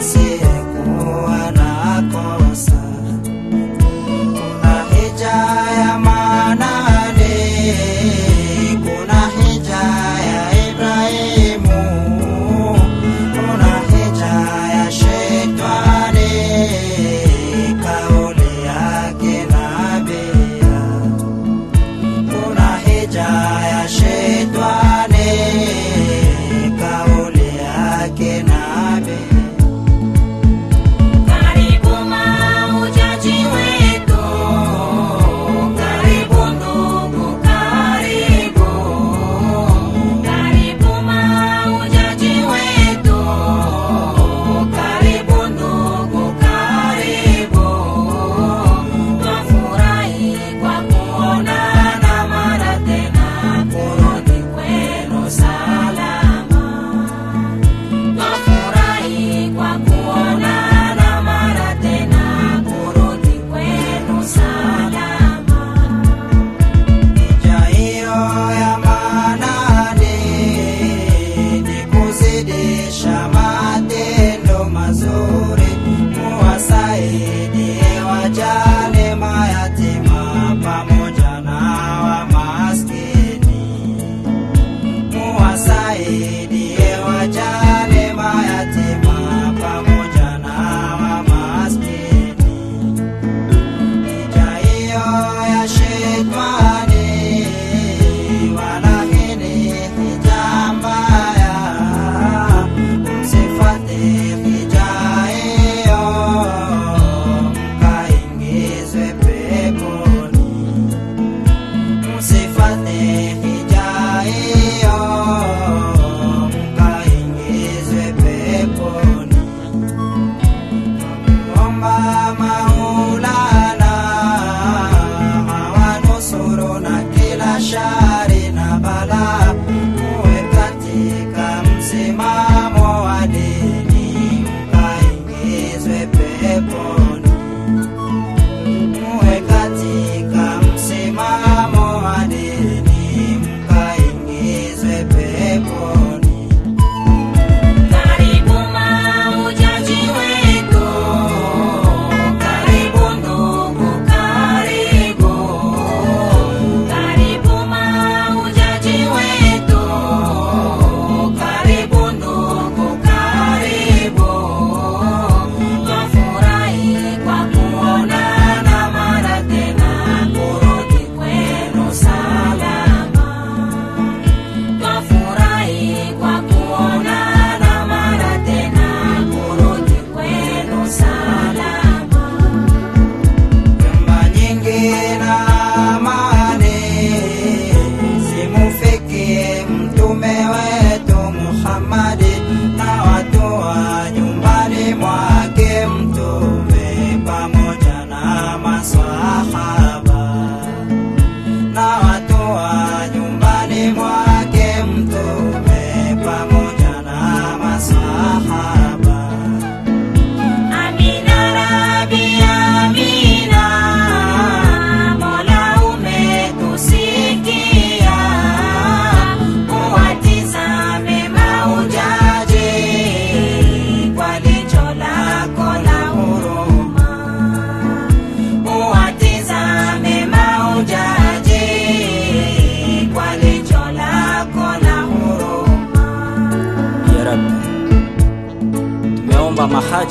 fazer. away.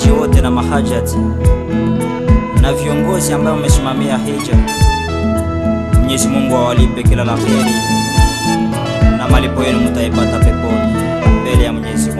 mahujaji wote na mahajati na viongozi ambao wamesimamia hija. Mwenyezi Mungu awalipe kila la heri na malipo yenu mtaipata peponi mbele ya Mwenyezi Mungu.